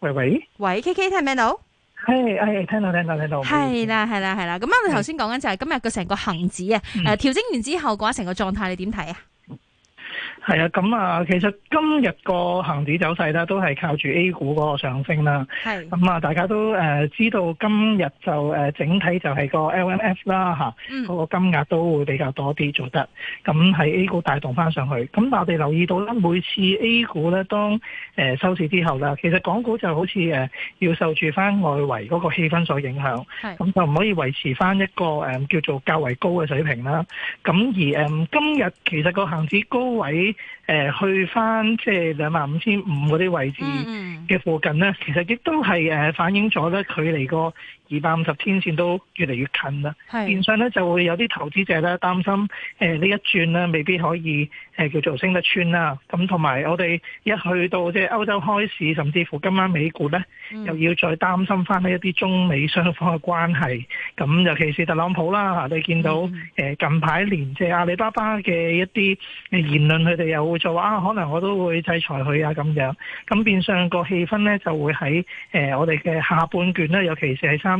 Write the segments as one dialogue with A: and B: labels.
A: 喂
B: 喂，喂 KK，聽唔、hey, hey, 聽到？係係聽到聽到聽到，係啦係啦係啦。咁我哋頭先講緊就係今日個成個恒指啊，誒，調整完之後嘅話，成個狀態，你點睇啊？
A: 係啊，咁啊，其實今日個恒指走勢呢，都係靠住 A 股嗰個上升啦。係，咁啊，大家都誒知道今日就誒整體就係個 L M F 啦、嗯、嗰個金額都會比較多啲做得。咁喺 A 股帶動翻上去，咁但我哋留意到啦，每次 A 股咧當收市之後啦，其實港股就好似誒要受住翻外圍嗰個氣氛所影響，咁就唔可以維持翻一個叫做較為高嘅水平啦。咁而誒今日其實個恒指高位。誒、呃，去翻即係兩萬五千五嗰啲位置嘅附近咧、嗯，其實亦都係誒反映咗咧佢離個。二百五十天線都越嚟越近啦，變相咧就會有啲投資者咧擔心，誒、呃、呢一轉咧未必可以誒、呃、叫做升得穿啦。咁同埋我哋一去到即係歐洲開市，甚至乎今晚美股咧，又要再擔心翻一啲中美雙方嘅關係。咁、嗯、尤其是特朗普啦嚇，你見到誒、嗯呃、近排連借阿里巴巴嘅一啲言論，佢哋又會做啊，可能我都會制裁佢啊咁樣。咁變相個氣氛咧就會喺誒我哋嘅下半段咧，尤其是喺三。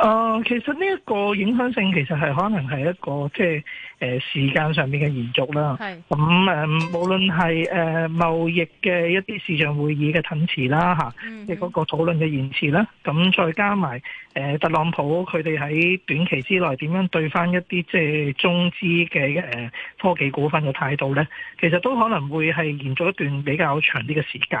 A: 啊、呃，其實呢一個影響性其實係可能係一個即係誒時間上面嘅延續啦。係咁誒，無論係貿易嘅一啲市場會議嘅延遲啦，嚇、嗯嗯，即係嗰個討論嘅延遲啦。咁再加埋誒、呃、特朗普佢哋喺短期之內點樣對翻一啲即係中資嘅誒科技股份嘅態度咧，其實都可能會係延續一段比較長啲嘅時間。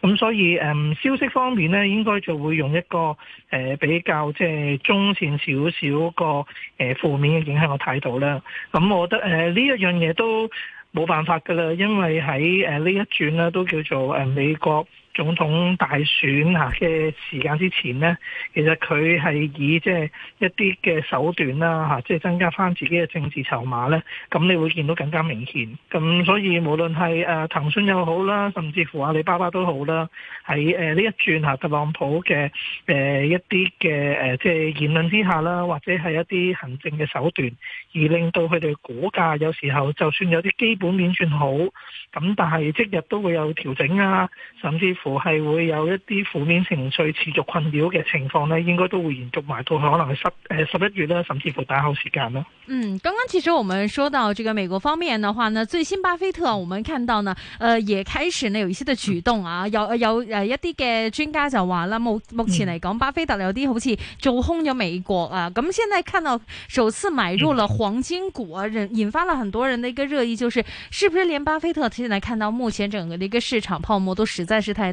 A: 咁、嗯、所以誒、呃、消息方面咧，應該就會用一個誒、呃、比較即係。中線少少個誒負面嘅影響我睇到啦。咁我覺得誒呢一樣嘢都冇辦法噶啦，因為喺誒呢一轉咧，都叫做誒美國。總統大選嚇嘅時間之前呢，其實佢係以即係一啲嘅手段啦嚇，即係增加翻自己嘅政治籌碼呢。咁你會見到更加明顯。咁所以無論係誒騰訊又好啦，甚至乎阿里巴巴都好啦，喺誒呢一轉嚇特朗普嘅誒一啲嘅誒即係言論之下啦，或者係一啲行政嘅手段，而令到佢哋股價有時候就算有啲基本面算好，咁但係即日都會有調整啊，甚至乎。係會有一啲負面情緒持續困擾嘅情況咧，應該都會延續埋到可能係十誒十一月啦，甚至乎打後時間咯。嗯，
B: 剛剛其實我們說到這個美國方面嘅話呢，最新巴菲特，我們看到呢，呃，也開始呢有一些嘅舉動啊，有有誒一啲嘅專家就話啦，目目前嚟講，嗯，巴菲特有啲好似做空咗美國啊，咁、啊、現在看到首次買入了黃金股啊，引引發了很多人的一個熱議，就是是不是連巴菲特現在看到目前整個的一個市場泡沫都實在是太。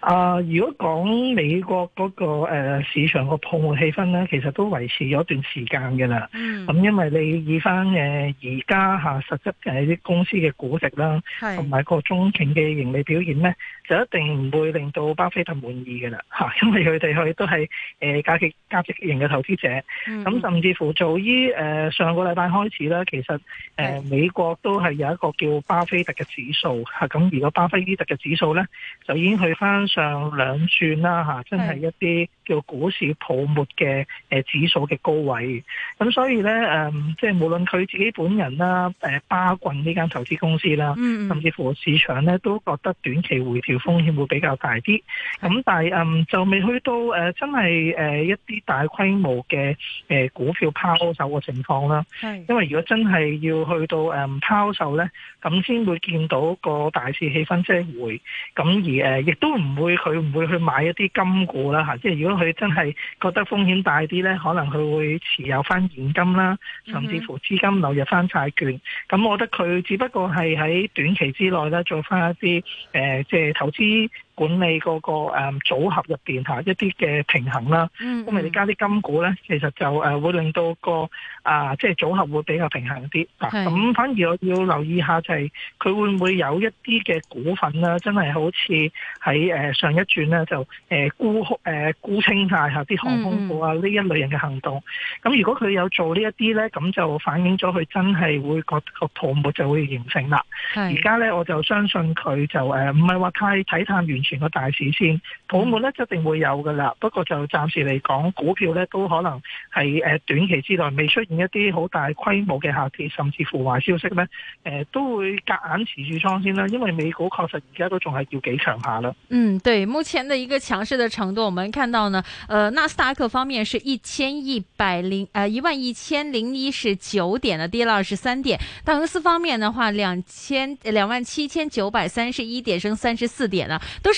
A: 啊、呃，如果講美國嗰、嗰個、呃、市場個泡沫氣氛咧，其實都維持咗一段時間嘅啦。咁、mm -hmm. 嗯、因為你以翻誒而家嚇實質嘅啲公司嘅估值啦，同埋個中景嘅盈利表現咧，就一定唔會令到巴菲特滿意嘅啦嚇，因為佢哋佢都係誒價值價值型嘅投資者。咁、mm -hmm. 嗯、甚至乎做於誒上個禮拜開始啦，其實誒、呃、美國都係有一個叫巴菲特嘅指數嚇。咁如果巴菲特嘅指數咧，就已經去翻身上兩轉啦，真係一啲叫股市泡沫嘅指數嘅高位，咁所以呢，即係無論佢自己本人啦，誒巴郡呢間投資公司啦、嗯嗯，甚至乎市場呢，都覺得短期回調風險會比較大啲。咁但係就未去到真係一啲大規模嘅股票拋售嘅情況啦。因為如果真係要去到誒拋售呢，咁先會見到個大市氣氛即係回。咁而亦都唔。唔會，佢唔會去買一啲金股啦嚇。即係如果佢真係覺得風險大啲呢，可能佢會持有翻現金啦，甚至乎資金流入翻債券。咁我覺得佢只不過係喺短期之內呢，做翻一啲誒，即係投資。管理嗰、那個誒、嗯、組合入面下一啲嘅平衡啦，咁、嗯、你、嗯、加啲金股咧，其實就誒會令到個啊即係、就是、組合會比較平衡啲。咁反而我要留意下就係、是、佢會唔會有一啲嘅股份啦，真係好似喺、呃、上一轉咧就誒沽誒沽清下下啲航空股啊呢、嗯嗯、一類型嘅行動。咁如果佢有做呢一啲咧，咁就反映咗佢真係會覺得個泡沫就會形成啦。而家咧我就相信佢就誒唔係話太睇淡完全。全個大市先，泡沫呢一定會有噶啦。不過就暫時嚟講，股票呢都可能係誒、呃、短期之內未出現一啲好大規模嘅下跌，甚至乎壞消息呢誒、呃、都會隔硬，硬持住倉先啦。因為美股確實而家都仲係要幾強下啦。
B: 嗯，對，目前的一個強勢的程度，我們看到呢，呃，納斯達克方面是一千一百零呃，一萬一千零一十九點啦，跌二十三點。道瓊斯方面嘅話，兩千兩萬七千九百三十一點，升三十四點啦，都係。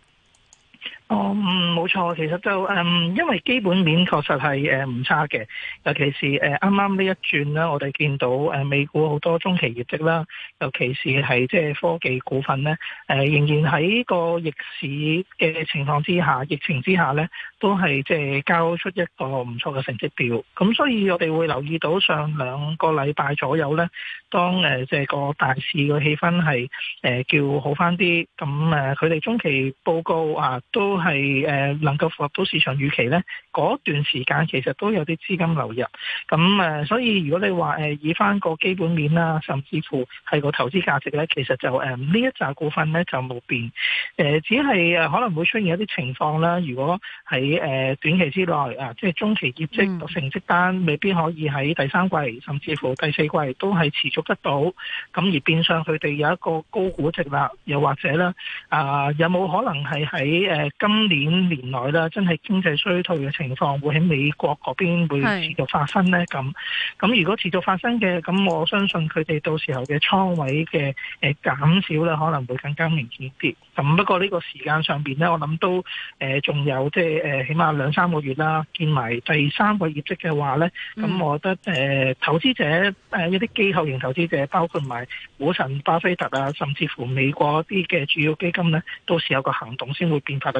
A: 哦，嗯，冇錯，其實就誒、嗯，因為基本面確實係誒唔差嘅，尤其是誒啱啱呢一轉咧，我哋見到誒美股好多中期業績啦，尤其是係即係科技股份咧，誒仍然喺個逆市嘅情況之下，疫情之下咧，都係即係交出一個唔錯嘅成績表。咁所以我哋會留意到上兩個禮拜左右咧，當誒即係個大市嘅氣氛係誒叫好返啲，咁誒佢哋中期報告啊都，係誒能夠符合到市場預期咧，嗰段時間其實都有啲資金流入，咁誒，所以如果你話誒以返個基本面啦，甚至乎係個投資價值咧，其實就誒呢一扎股份咧就冇變，誒只係誒可能會出現一啲情況啦。如果喺誒短期之內啊，即係中期業績成績單未必可以喺第三季，甚至乎第四季都係持續得到，咁而變相佢哋有一個高估值啦，又或者咧啊，有冇可能係喺誒今今年年內啦，真係經濟衰退嘅情況會喺美國嗰邊會持續發生呢。咁咁如果持續發生嘅，咁我相信佢哋到時候嘅倉位嘅誒減少啦，可能會更加明顯啲。咁不過呢個時間上邊呢，我諗都誒仲、呃、有即係誒起碼兩三個月啦。見埋第三個業績嘅話呢，咁、嗯、我覺得誒、呃、投資者誒一啲機構型投資者，包括埋股神巴菲特啊，甚至乎美國啲嘅主要基金呢，到時有個行動先會變化嘅。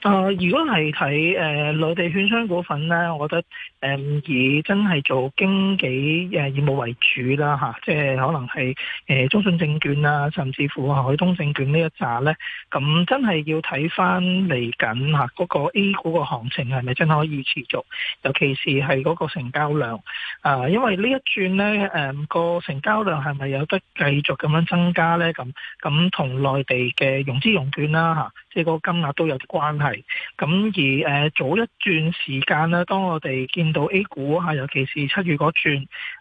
A: 誒、呃，如果係睇誒內地券商股份咧，我覺得誒、呃、以真係做經紀誒業、呃、務為主啦吓、啊，即係可能係誒、呃、中信證券啦、啊，甚至乎海通證券一呢一紮咧，咁真係要睇翻嚟緊吓嗰個 A 股個行情係咪真可以持續，尤其是係嗰個成交量啊，因為呢一轉咧誒個成交量係咪有得繼續咁樣增加咧？咁咁同內地嘅融資融券啦、啊、吓。啊即個金額都有啲關係，咁而誒早一段時間咧，當我哋見到 A 股吓，尤其是七月嗰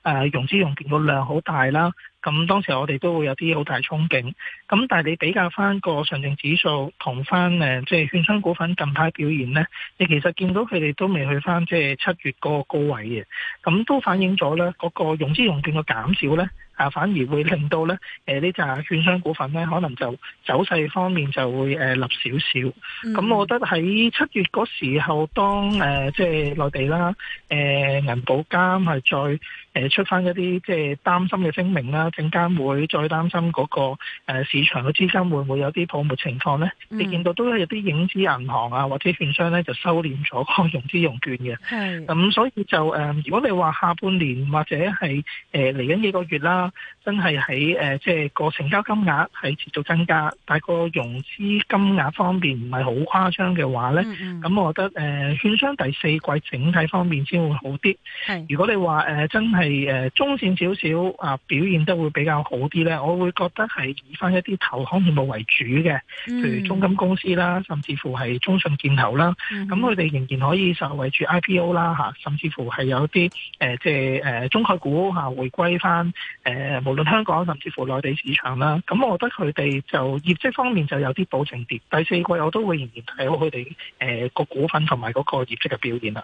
A: 段，誒融資融券個量好大啦。咁當時我哋都會有啲好大憧憬，咁但係你比較翻個上證指數同翻誒，即係券商股份近排表現咧，你其實見到佢哋都未去翻即係七月嗰個高位嘅，咁都反映咗咧嗰個融資融券嘅減少咧，啊反而會令到咧誒呢扎券商股份咧，可能就走勢方面就會立少少。咁、mm -hmm. 我覺得喺七月嗰時候，當、呃、即係內地啦，誒、呃、銀保監係再出翻一啲即係擔心嘅聲明啦。證監會再擔心嗰、那個、呃、市場嘅資金會唔會有啲泡沫情況咧、嗯？你見到都有啲影子銀行啊，或者券商咧就收斂咗個融資融券嘅。係咁、嗯，所以就誒、呃，如果你話下半年或者係誒嚟緊幾個月啦，真係喺誒即係個成交金額係持續增加，但係個融資金額方面唔係好誇張嘅話咧，咁、嗯嗯、我覺得誒、呃、券商第四季整體方面先會好啲。係如果你話誒、呃、真係誒、呃、中線少少啊表現得，會比較好啲呢，我會覺得係以翻一啲投行業務為主嘅，譬如中金公司啦，甚至乎係中信建投啦，咁佢哋仍然可以受惠住 IPO 啦吓，甚至乎係有啲誒、即、呃、係、就是呃、中概股吓回歸翻誒，無論香港甚至乎內地市場啦，咁我覺得佢哋就業績方面就有啲保證跌，第四季我都會仍然睇好佢哋誒個股份同埋嗰個業績嘅表現啦。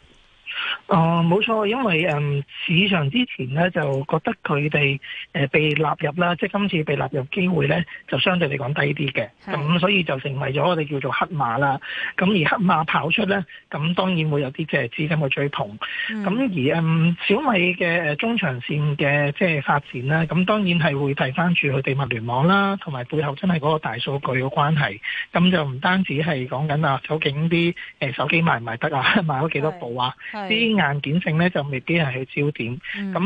A: 哦，冇錯，因為誒、嗯、市場之前咧就覺得佢哋誒被納入啦，即係今次被納入機會咧就相對嚟講低啲嘅，咁、嗯、所以就成為咗我哋叫做黑馬啦。咁而黑馬跑出咧，咁、嗯、當然會有啲即係資金嘅追捧。咁、嗯、而誒、嗯、小米嘅誒中長線嘅即係發展呢，咁當然係會提翻住佢哋物聯網啦，同埋背後真係嗰個大數據嘅關係。咁就唔單止係講緊啊，究竟啲誒手機賣唔賣得啊，賣咗幾多部啊？啲硬件性咧就未必係去焦點，咁、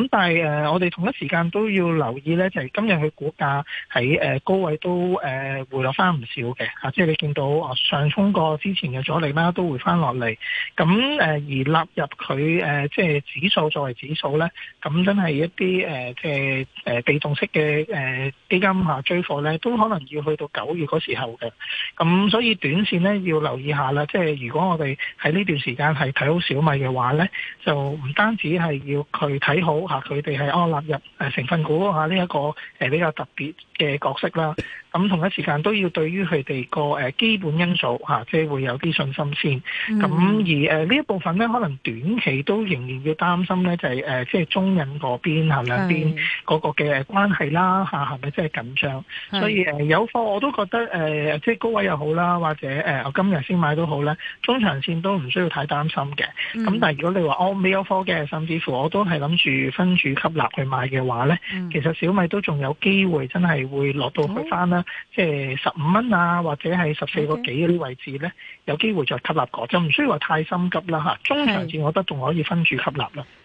A: 嗯、但係誒、呃、我哋同一時間都要留意咧，就係、是、今日佢股價喺誒高位都誒、呃、回落翻唔少嘅，吓、啊，即係你見到啊上衝過之前嘅阻力啦，都會翻落嚟。咁誒、呃、而納入佢誒、呃、即係指數作為指數咧，咁真係一啲誒、呃、即係誒被動式嘅誒、呃、基金啊追貨咧，都可能要去到九月嗰時候嘅。咁所以短線咧要留意下啦，即係如果我哋喺呢段時間係睇好小米嘅話。咧 就唔單止係要佢睇好嚇，佢哋係安納入誒成分股嚇呢一個誒比較特別嘅角色啦。咁同一時間都要對於佢哋個誒基本因素嚇，即係會有啲信心先。咁、嗯、而誒呢一部分咧，可能短期都仍然要擔心咧，就係誒即係中印嗰邊係兩邊嗰個嘅關係啦嚇，係咪真係緊張？所以誒有貨我都覺得誒、呃、即係高位又好啦，或者誒我今日先買都好啦，中長線都唔需要太擔心嘅。咁、嗯、但係。如果你話我未有科技嘅，甚至乎我都係諗住分住吸納去買嘅話呢、嗯、其實小米都仲有機會，真係會落到去返啦，即係十五蚊啊，或者係十四個幾嗰啲位置呢，Okay. 有機會再吸納過，就唔需要話太心急啦，吓。Okay. 中長線我覺得仲可以分住吸納咯。嗯嗯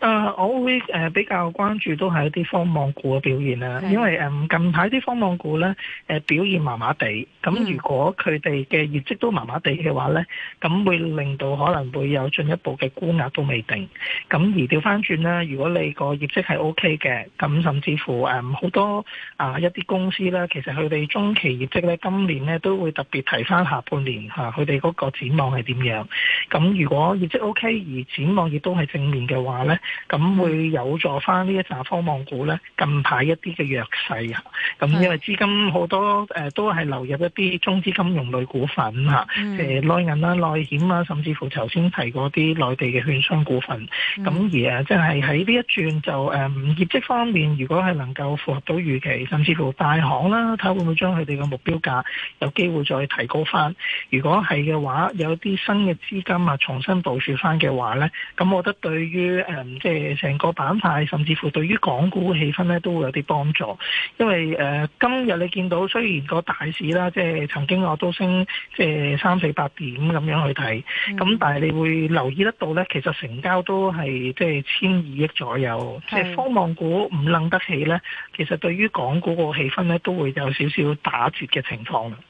A: 啊、uh, uh，我會誒比較關注都係一啲科網股嘅表現啦，因為誒、uh、近排啲科網股咧誒表現麻麻地。咁如果佢哋嘅業績都麻麻地嘅話呢，呢咁會令到可能會有進一步嘅沽壓都未定。咁而調翻轉啦，如果你個業績係 OK 嘅，咁甚至乎誒好多啊一啲公司呢，其實佢哋中期業績呢，今年呢都會特別提翻下半年吓，佢哋嗰個展望係點樣？咁如果業績 OK，而展望亦都係正面嘅話呢，呢咁會有助翻呢一紮科網股呢近排一啲嘅弱勢啊。咁因為資金好多誒、呃，都係流入一啲中資金融類股份嚇，誒、mm, 呃、內銀啦、內險啊，甚至乎頭先提過啲內地嘅券商股份。咁、mm, 而誒、啊，即係喺呢一轉就誒、呃、業績方面，如果係能夠符合到預期，甚至乎大行啦，睇下會唔會將佢哋嘅目標價有機會再提高翻。如果係嘅話，有啲新嘅資金啊，重新部署翻嘅話咧，咁我覺得對於誒即係成個板塊，甚至乎對於港股嘅氣氛咧，都會有啲幫助，因為，誒，今日你見到雖然個大市啦，即係曾經我都升，即係三四百點咁樣去睇，咁、mm -hmm. 但係你會留意得到咧，其實成交都係即係千二億左右，即係科網股唔掕得起咧。其實對於港股個氣氛咧，都會有少少打折嘅情況。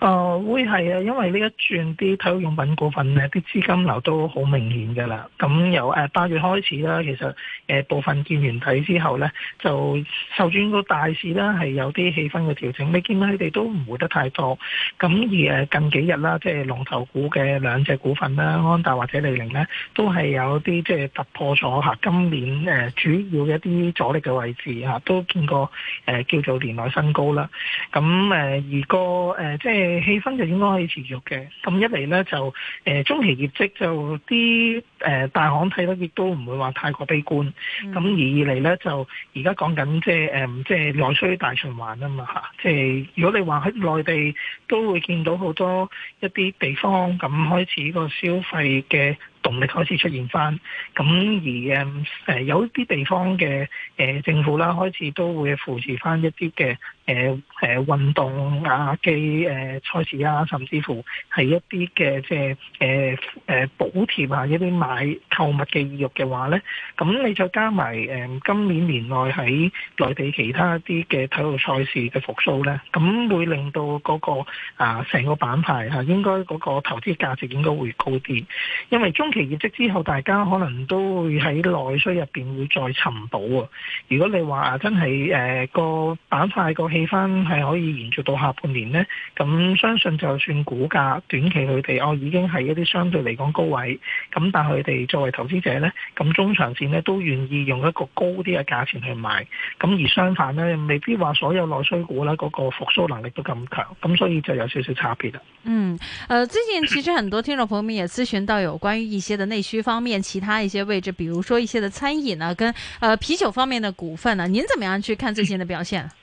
A: 誒、呃，會係啊，因為呢一轉啲體育用品股份咧，啲資金流都好明顯噶啦。咁由誒八月開始啦，其實誒部分見完底之後咧，就受轉個大市啦，係有啲氣氛嘅調整。你見到佢哋都唔回得太多。咁而誒近幾日啦，即係龍頭股嘅兩隻股份啦，安達或者李寧咧，都係有啲即係突破咗吓今年誒主要嘅一啲阻力嘅位置吓，都見過誒叫做年內新高啦。咁誒，二哥誒。誒，即係氣氛就應該可以持續嘅。咁一嚟咧就、呃、中期業績就啲、呃、大行睇得亦都唔會話太過悲觀。咁、嗯、而二嚟咧就而家講緊即係即係內需大循環啊嘛嚇。即係如果你話喺內地，都會見到好多一啲地方咁開始個消費嘅動力開始出現翻。咁而、呃呃、有啲地方嘅、呃、政府啦，開始都會扶持翻一啲嘅。誒誒運動啊嘅誒賽事啊，甚至乎係一啲嘅即係誒誒補貼啊，一啲買購物嘅意欲嘅話咧，咁你再加埋誒今年年內喺內地其他一啲嘅體育賽事嘅復甦咧，咁會令到嗰個啊成個板塊嚇應該嗰個投資價值應該會高啲，因為中期業績之後，大家可能都會喺內需入面會再尋寶喎。如果你話真係誒個板塊個睇翻係可以延續到下半年呢？咁相信就算股價短期佢哋哦已經係一啲相對嚟講高位，咁但係佢哋作為投資者呢，咁中長線呢都願意用一個高啲嘅價錢去買，咁而相反呢，未必話所有內需股啦，嗰個復甦能力都咁強，咁所以就有少少差別啦。
B: 嗯，誒、呃，最近其實很多聽眾朋友咪也諮詢到有關於一些的內需方面，其他一些位置，比如說一些的餐飲啊，跟誒、呃、啤酒方面的股份呢、啊，您怎麼樣去看最近的表現？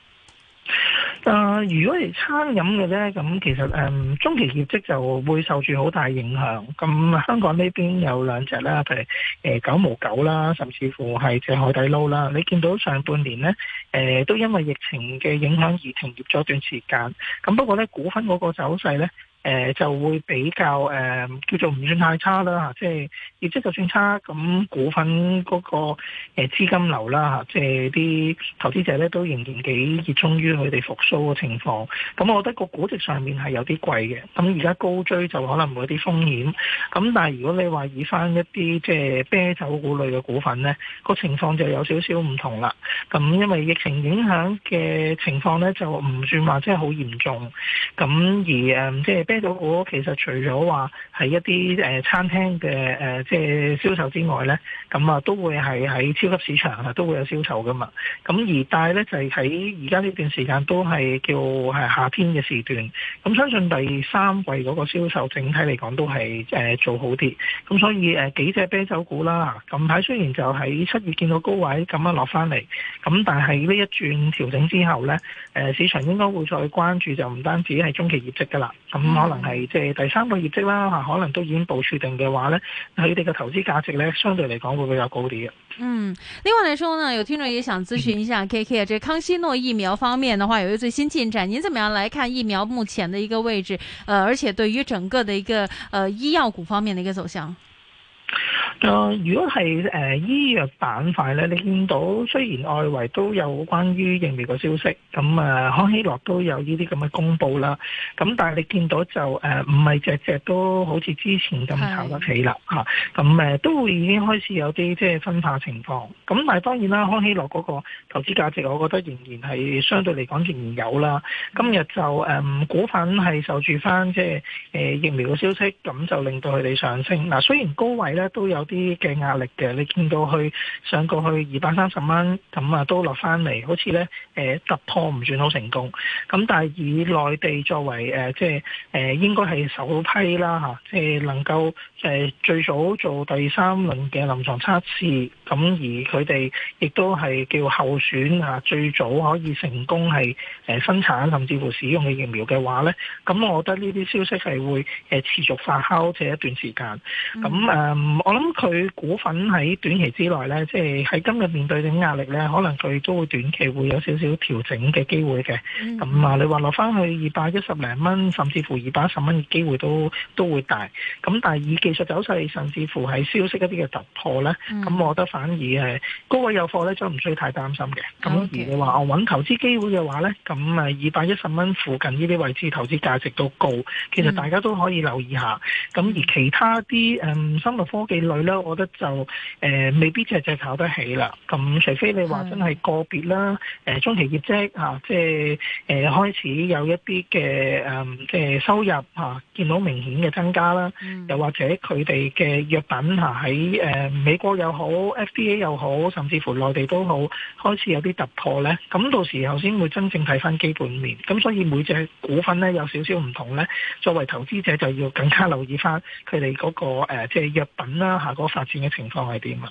A: 誒、呃，如果係餐飲嘅呢，咁其實、嗯、中期業績就會受住好大影響。咁、嗯、香港呢邊有兩隻啦，譬如、呃、九毛九啦，甚至乎係隻海底撈啦。你見到上半年呢、呃，都因為疫情嘅影響而停業咗段時間。咁不過呢，股份嗰個走勢呢，誒、呃、就會比較誒、呃、叫做唔算太差啦、啊、即係業績就算差，咁股份嗰個誒資金流啦嚇、啊，即係啲投資者咧都仍然幾熱衷於佢哋復甦嘅情況。咁我覺得個估值上面係有啲貴嘅，咁而家高追就可能會有啲風險。咁但係如果你話以翻一啲即係啤酒股類嘅股份咧，個情況就有少少唔同啦。咁因為疫情影響嘅情況咧、呃，就唔算話即係好嚴重。咁而即係啤啤酒股其實除咗話係一啲誒餐廳嘅誒即係銷售之外呢，咁啊都會係喺超級市場啊都會有銷售噶嘛。咁而但係呢，就係喺而家呢段時間都係叫係夏天嘅時段。咁相信第三季嗰個銷售整體嚟講都係誒做好啲。咁所以誒幾隻啤酒股啦，近排雖然就喺七月見到高位咁樣落翻嚟，咁但係呢一轉調整之後呢，誒市場應該會再關注就唔單止係中期業績噶啦。咁嗯、可能係即係第三個業績啦，吓可能都已經部署定嘅話呢，佢哋嘅投資價值呢，相對嚟講會比較高啲嘅？嗯，
B: 另外呢，嚟說呢,有聽眾也想諮詢一下 K K，即康希諾疫苗方面嘅話，有個最新進展，您怎麼樣來看疫苗目前嘅一個位置、呃？而且對於整個嘅一個誒、呃、醫藥股方面嘅一個走向？
A: 誒，如果係誒醫藥板塊咧，你見到雖然外圍都有關於疫苗嘅消息，咁誒康希諾都有呢啲咁嘅公佈啦，咁但係你見到就誒唔係隻隻都好似之前咁炒得起啦嚇，咁誒都會已經開始有啲即係分化情況。咁但係當然啦，康希諾嗰個投資價值，我覺得仍然係相對嚟講仍然有啦。今日就誒股份係受住翻即係誒疫苗嘅消息，咁就令到佢哋上升。嗱，雖然高位咧都有啲啲嘅壓力嘅，你見到佢上過去二百三十蚊，咁啊都落翻嚟，好似咧，誒突破唔算好成功。咁但係以內地作為，誒即係誒應該係首批啦吓，即係能夠。誒最早做第三輪嘅臨床測試，咁而佢哋亦都係叫候選啊，最早可以成功係誒生產甚至乎使用嘅疫苗嘅話咧，咁我覺得呢啲消息係會誒持續發酵咗一段時間。咁、嗯、誒，我諗佢股份喺短期之內咧，即係喺今日面對嘅壓力咧，可能佢都會短期會有少少調整嘅機會嘅。咁、嗯、啊，你話落翻去二百一十零蚊，甚至乎二百一十蚊嘅機會都都會大。咁但係以既就走勢，甚至乎係消息一啲嘅突破咧，咁、嗯、我覺得反而誒高位有貨咧，就唔需要太擔心嘅。咁、okay. 如果你話我揾投資機會嘅話咧，咁誒二百一十蚊附近呢啲位置投資價值都高，其實大家都可以留意一下。咁、嗯、而其他啲誒、嗯、生物科技類咧，我覺得就誒、呃、未必就再炒得起啦。咁除非你話真係個別啦，誒、呃、中期業績吓、啊，即係誒、呃、開始有一啲嘅誒即係收入吓、啊，見到明顯嘅增加啦、嗯，又或者。佢哋嘅藥品嚇喺誒美國又好，FDA 又好，甚至乎內地都好，開始有啲突破呢。咁到時候先會真正睇翻基本面。咁所以每隻股份呢，有少少唔同呢。作為投資者就要更加留意翻佢哋嗰個即係藥品啦嚇嗰發展嘅情況係點啊？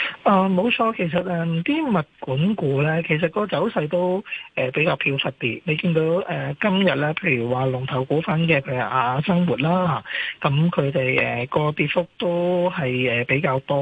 A: 啊、哦，冇錯，其實誒啲、嗯、物管股咧，其實個走勢都誒、呃、比較飄忽啲。你見到誒、呃、今日咧，譬如話龍頭股份嘅譬如雅、啊、生活啦，咁佢哋誒個跌幅都係誒比較多。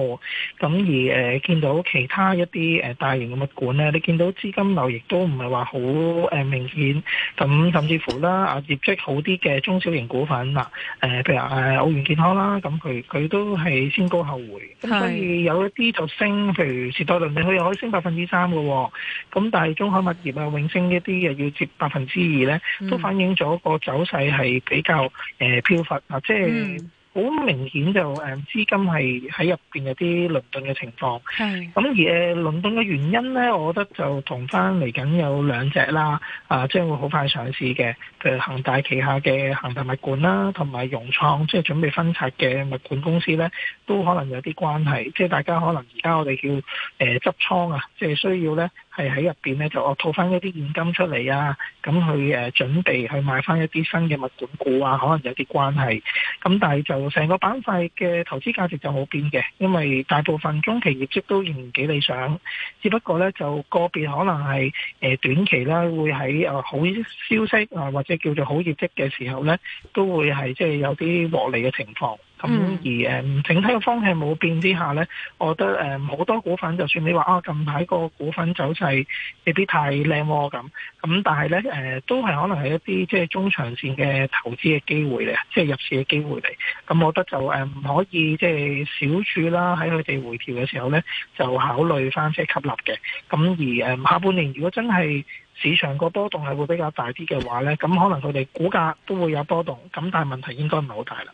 A: 咁、嗯、而誒、呃、見到其他一啲大型嘅物管咧，你見到資金流亦都唔係話好誒明顯。咁、嗯、甚至乎啦、啊，啊業績好啲嘅中小型股份啦，誒、呃、譬如誒奧園健康啦，咁佢佢都係先高後回。咁所以有一啲就。升，譬如時代鄰里佢又可以升百分之三嘅，咁、哦、但係中海物業啊、永升呢啲，又要跌百分之二咧，都反映咗個走勢係比較誒飄忽啊，即、就、係、是。嗯好明顯就誒資金係喺入邊有啲輪動嘅情況，咁而誒輪動嘅原因咧，我覺得就同翻嚟緊有兩隻啦，啊，即係會好快上市嘅，譬如恒大旗下嘅恒大物管啦，同埋融創即係準備分拆嘅物管公司咧，都可能有啲關係，即係大家可能而家我哋叫誒、呃、執倉啊，即係需要咧。係喺入邊咧，就我套翻一啲現金出嚟啊，咁去誒準備去買翻一啲新嘅物管股啊，可能有啲關係。咁但係就成個板塊嘅投資價值就冇變嘅，因為大部分中期業績都仍然幾理想。只不過咧，就個別可能係誒短期啦，會喺誒好消息啊，或者叫做好業績嘅時候咧，都會係即係有啲獲利嘅情況。咁、嗯、而誒整體嘅方向冇變之下咧，我覺得誒好多股份，就算你話啊近排個股份走勢未必太靚，啊，喎咁，咁但係咧誒都係可能係一啲即係中長線嘅投資嘅機會嚟，即係入市嘅機會嚟。咁我覺得就唔可以即係小注啦，喺佢哋回調嘅時候咧，就考慮翻即係吸納嘅。咁而下半年如果真係市場個波動係會比較大啲嘅話咧，咁可能佢哋股價都會有波動。咁但係問題應該唔係好大啦。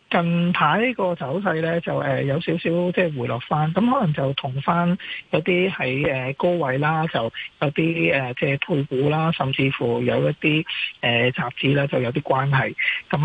A: 近排呢個走勢咧就有少少即係回落翻，咁可能就同翻有啲喺高位啦，就有啲即係配股啦，甚至乎有一啲誒雜誌啦就有啲關係。咁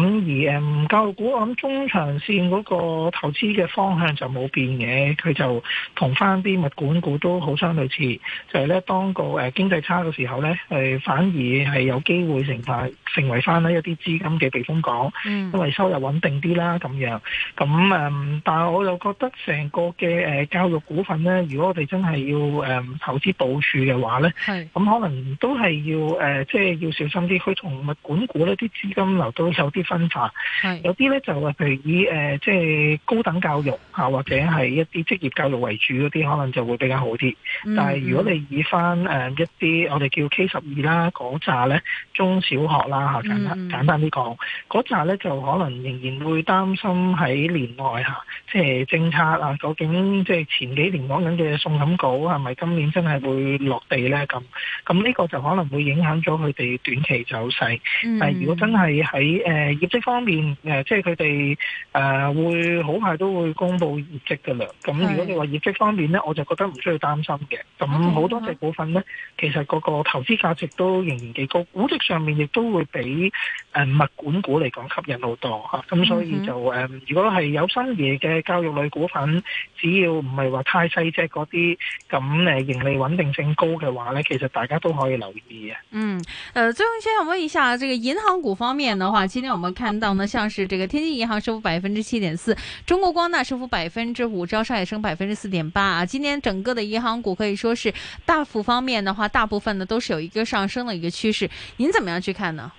A: 而唔、嗯、教育股，我諗中長線嗰個投資嘅方向就冇變嘅，佢就同翻啲物管股都好相類似，就係、是、咧當個誒經濟差嘅時候咧，誒反而係有機會成排成為翻咧一啲資金嘅避風港、嗯，因為收入穩定啲啦。咁樣，咁誒，但係我又覺得成個嘅誒教育股份咧，如果我哋真係要誒投資部署嘅話咧，係，咁可能都係要誒，即、呃、係、就是、要小心啲。佢同物管股呢啲資金流都有啲分化，係，有啲咧就係譬如以誒即係高等教育或者係一啲職業教育為主嗰啲，可能就會比較好啲、嗯。但係如果你以翻誒一啲、嗯、我哋叫 K 十二啦，嗰紮咧，中小學啦吓，簡單、嗯、簡單啲講，嗰紮咧就可能仍然會擔。擔心喺年內吓，即、就、係、是、政策啊，究竟即係前幾年講緊嘅送審稿係咪今年真係會落地咧？咁咁呢個就可能會影響咗佢哋短期走勢。但、嗯、係如果真係喺誒業績方面誒、呃，即係佢哋誒會好快都會公布業績噶啦。咁如果你話業績方面咧，我就覺得唔需要擔心嘅。咁好多隻股份咧，okay. 其實嗰個投資價值都仍然幾高，估值上面亦都會比誒、呃、物管股嚟講吸引好多吓。咁、啊、所以就。如果係有生嘢嘅教育類股份，只要唔係話太細隻嗰啲，咁誒盈利穩定性高嘅話呢，其實大家都可以留意
B: 嘅。嗯，呃最後先想問一下，這個銀行股方面的話，今天我們看到呢，像是這個天津銀行升百分之七點四，中國光大收幅百分之五，招商也升百分之四點八啊。今天整個的銀行股可以說是大幅方面的話，大部分呢都是有一個上升的一個趨勢。您怎麼樣去看呢？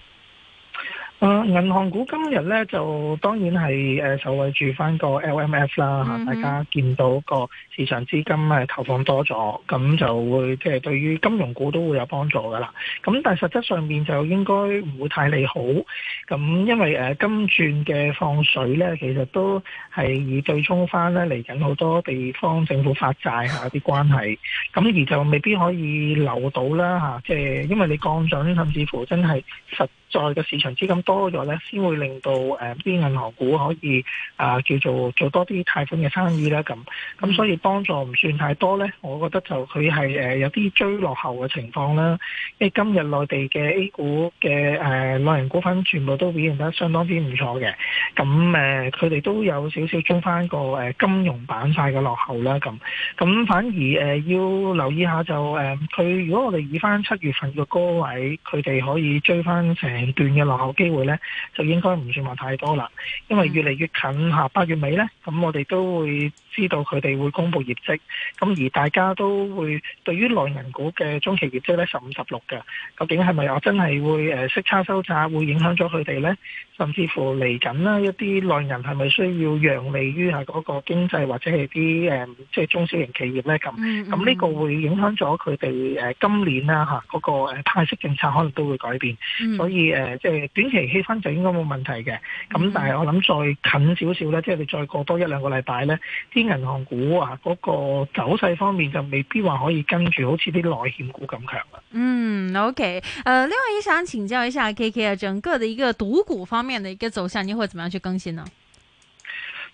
A: 誒，銀行股今日咧就當然係誒，守衛住翻個 LMF 啦吓，大家見到個市場資金投放多咗，咁就會即係、就是、對於金融股都會有幫助噶啦。咁但係實質上面就應該唔會太利好，咁因為誒今轉嘅放水咧，其實都係以對沖翻咧嚟緊好多地方政府發債下啲關係，咁而就未必可以留到啦吓，即係因為你降準，甚至乎真係實。在嘅市場資金多咗呢，先會令到誒啲、呃、銀行股可以啊、呃、叫做做多啲貸款嘅生意啦。咁咁所以幫助唔算太多呢，我覺得就佢係誒有啲追落後嘅情況啦。因為今日內地嘅 A 股嘅誒、呃、內銀股份全部都表現得相當之唔錯嘅，咁誒佢哋都有少少追翻個誒、呃、金融板塊嘅落後啦，咁咁反而誒、呃、要留意下就誒佢、呃、如果我哋以翻七月份嘅高位，佢哋可以追翻成呃段嘅落後機會呢，就應該唔算話太多啦。因為越嚟越近吓八月尾呢，咁我哋都會知道佢哋會公布業績，咁而大家都會對於內銀股嘅中期業績呢，十五十六嘅，究竟係咪我真係會誒息差收窄，會影響咗佢哋呢，甚至乎嚟緊啦，一啲內銀係咪需要讓利於嚇嗰個經濟或者係啲誒即係中小型企業呢，咁咁呢個會影響咗佢哋誒今年啦吓嗰個誒派息政策，可能都會改變，所以、嗯誒、呃，即係短期氣氛就應該冇問題嘅，咁但係我諗再近少少咧，即係你再過多一兩個禮拜咧，啲銀行股啊，嗰，那個走勢方面就未必話可以跟住好似啲內險股咁強啦。
B: 嗯，OK，誒、呃，另外想請教一下 KK 啊，整個的一個賭股方面的一個走向，你會怎樣去更新呢？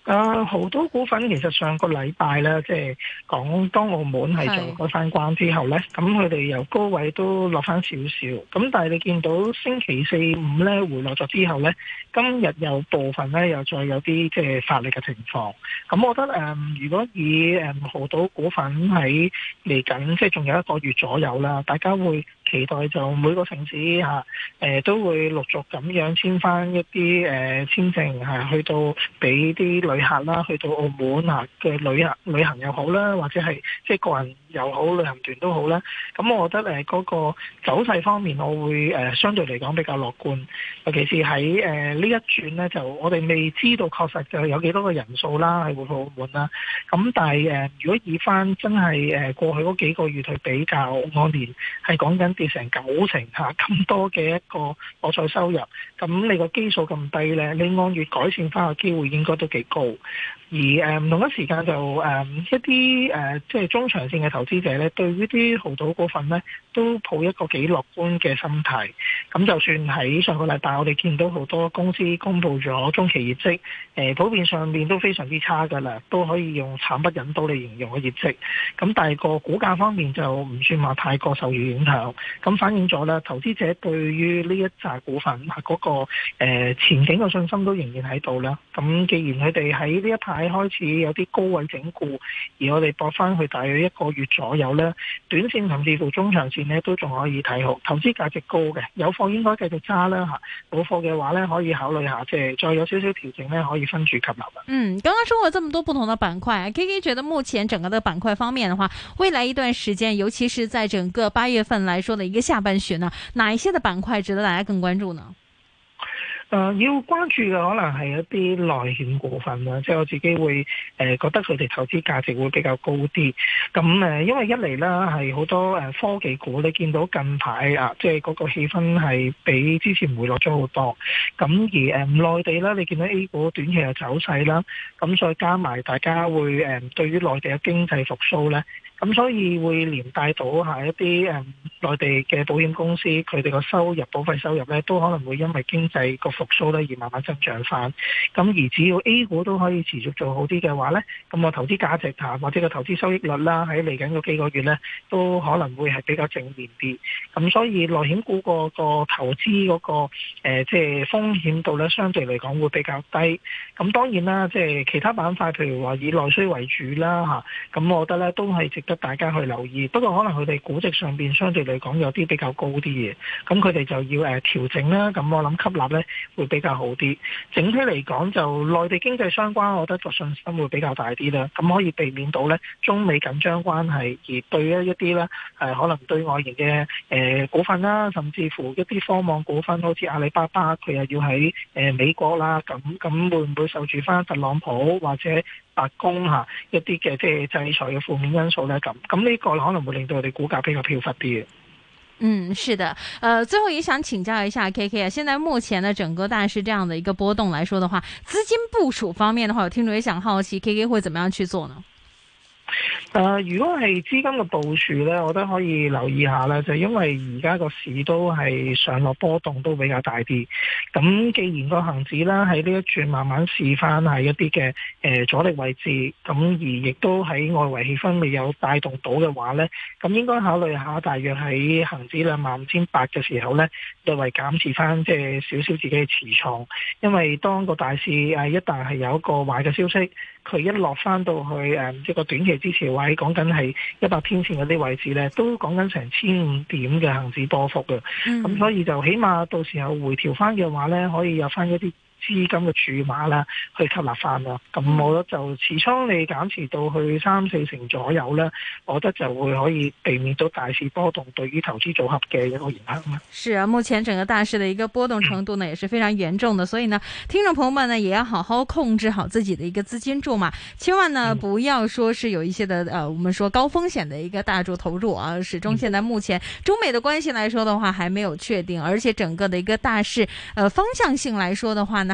A: 啊，濠島股份其實上個禮拜咧，即係講當澳門係做開翻關之後咧，咁佢哋由高位都落翻少少，咁但係你見到星期四五咧回落咗之後咧，今日有部分咧又再有啲即係發力嘅情況，咁我覺得誒、呃，如果以誒濠島股份喺嚟緊，即係仲有一個月左右啦，大家會，期待就每個城市嚇、啊呃，都會陸續咁樣簽返一啲誒、呃、簽證、啊，係去到俾啲旅客啦、啊，去到澳門啊嘅旅，旅行旅行又好啦、啊，或者係即係個人。又好旅行團都好啦。咁我覺得誒嗰個走勢方面，我會、呃、相對嚟講比較樂觀。尤其是喺誒呢一轉咧，就我哋未知道確實就有幾多個人數啦，係會好滿啦。咁但係、呃、如果以翻真係誒、呃、過去嗰幾個月去比較，按年係講緊跌成九成下咁多嘅一個博彩收入，咁你個基數咁低咧，你按月改善翻嘅機會應該都幾高。而唔、呃、同一時間就、呃、一啲、呃、即係中長線嘅投。投資者咧對呢啲濠賭股份呢，都抱一個幾樂觀嘅心態，咁就算喺上個禮拜我哋見到好多公司公布咗中期業績、呃，普遍上面都非常之差噶啦，都可以用慘不忍睹嚟形容嘅業績。咁但係個股價方面就唔算話太過受益影響，咁反映咗咧投資者對於呢一扎股份嗰、嗰個誒、呃、前景嘅信心都仍然喺度啦。咁既然佢哋喺呢一排開始有啲高位整固，而我哋搏翻去大約一個月。所有呢，短線甚至乎中長線呢，都仲可以睇好，投資價值高嘅，有貨應該繼續揸啦吓，冇貨嘅話呢，可以考慮下，即係再有少少調整呢，可以分注吸納啊。嗯，剛
B: 剛說過這麼多不同的板塊，KK 覺得目前整個的板塊方面的話，未來一段時間，尤其是在整個八月份來說的一個下半旬呢，哪一些的板塊值得大家更關注呢？
A: 誒、呃、要關注嘅可能係一啲內險股份啦，即係我自己會誒、呃、覺得佢哋投資價值會比較高啲。咁誒，因為一嚟啦係好多誒、呃、科技股，你見到近排啊，即係嗰個氣氛係比之前回落咗好多。咁而誒、呃、內地啦，你見到 A 股短期嘅走勢啦，咁再加埋大家會誒、呃、對於內地嘅經濟復甦咧。咁所以會連帶到下一啲誒內地嘅保險公司，佢哋個收入保費收入咧，都可能會因為經濟個復甦咧而慢慢增長翻。咁而只要 A 股都可以持續做好啲嘅話咧，咁我投資價值談、啊、或者個投資收益率啦、啊，喺嚟緊嗰幾個月咧，都可能會係比較正面啲。咁所以內險股個個投資嗰個誒即係風險度咧，相對嚟講會比較低。咁當然啦，即係其他板塊，譬如話以內需為主啦嚇，咁我覺得咧都係值得。大家去留意，不過可能佢哋估值上邊相對嚟講有啲比較高啲嘅，咁佢哋就要誒調整啦。咁我諗吸納咧會比較好啲。整體嚟講就內地經濟相關，我覺得個信心會比較大啲啦。咁可以避免到咧中美緊張關係，而對一啲咧可能對外營嘅誒股份啦，甚至乎一啲科網股份，好似阿里巴巴，佢又要喺誒美國啦。咁咁會唔會受住翻特朗普或者？白宮吓一啲嘅，即係制裁嘅負面因素咧，咁咁，呢個可能會令到我哋股價比較飄忽啲嘅。
B: 嗯，是的，誒、呃，最後也想請教一下 KK 啊，現在目前呢整個大市這樣的一個波動來說的話，資金部署方面的話，有聽眾也想好奇 KK 會怎麼樣去做呢？
A: 誒、呃，如果係資金嘅部署呢，我覺得可以留意一下咧，就是、因為而家個市都係上落波動都比較大啲。咁既然個恒指啦，喺呢一轉慢慢試翻下一啲嘅誒阻力位置，咁而亦都喺外圍氣氛未有帶動到嘅話呢，咁應該考慮下大約喺恒指兩萬五千八嘅時候呢，略微減持翻即係少少自己嘅持倉，因為當個大市誒一旦係有一個壞嘅消息。佢一落翻到去誒一、即個短期支持位，講緊係一百天線嗰啲位置咧，都講緊成千五點嘅恆指波幅嘅，咁、嗯、所以就起碼到時候回調翻嘅話咧，可以有翻一啲。資金嘅注碼啦，去吸納翻啊。咁我覺得就持倉你減持到去三四成左右咧，我覺得就會可以避免到大市波動對於投資組合嘅一個影響啦。
B: 是啊，目前整個大市嘅一個波動程度呢，也是非常嚴重的、嗯。所以呢，聽眾朋友們呢，也要好好控制好自己的一個資金注碼，千萬呢不要說是有一些的，呃，我們說高風險嘅一個大注投入啊。始終現在目前中美的關係來說的話，還沒有確定，而且整個嘅一個大市，呃，方向性來說的話呢，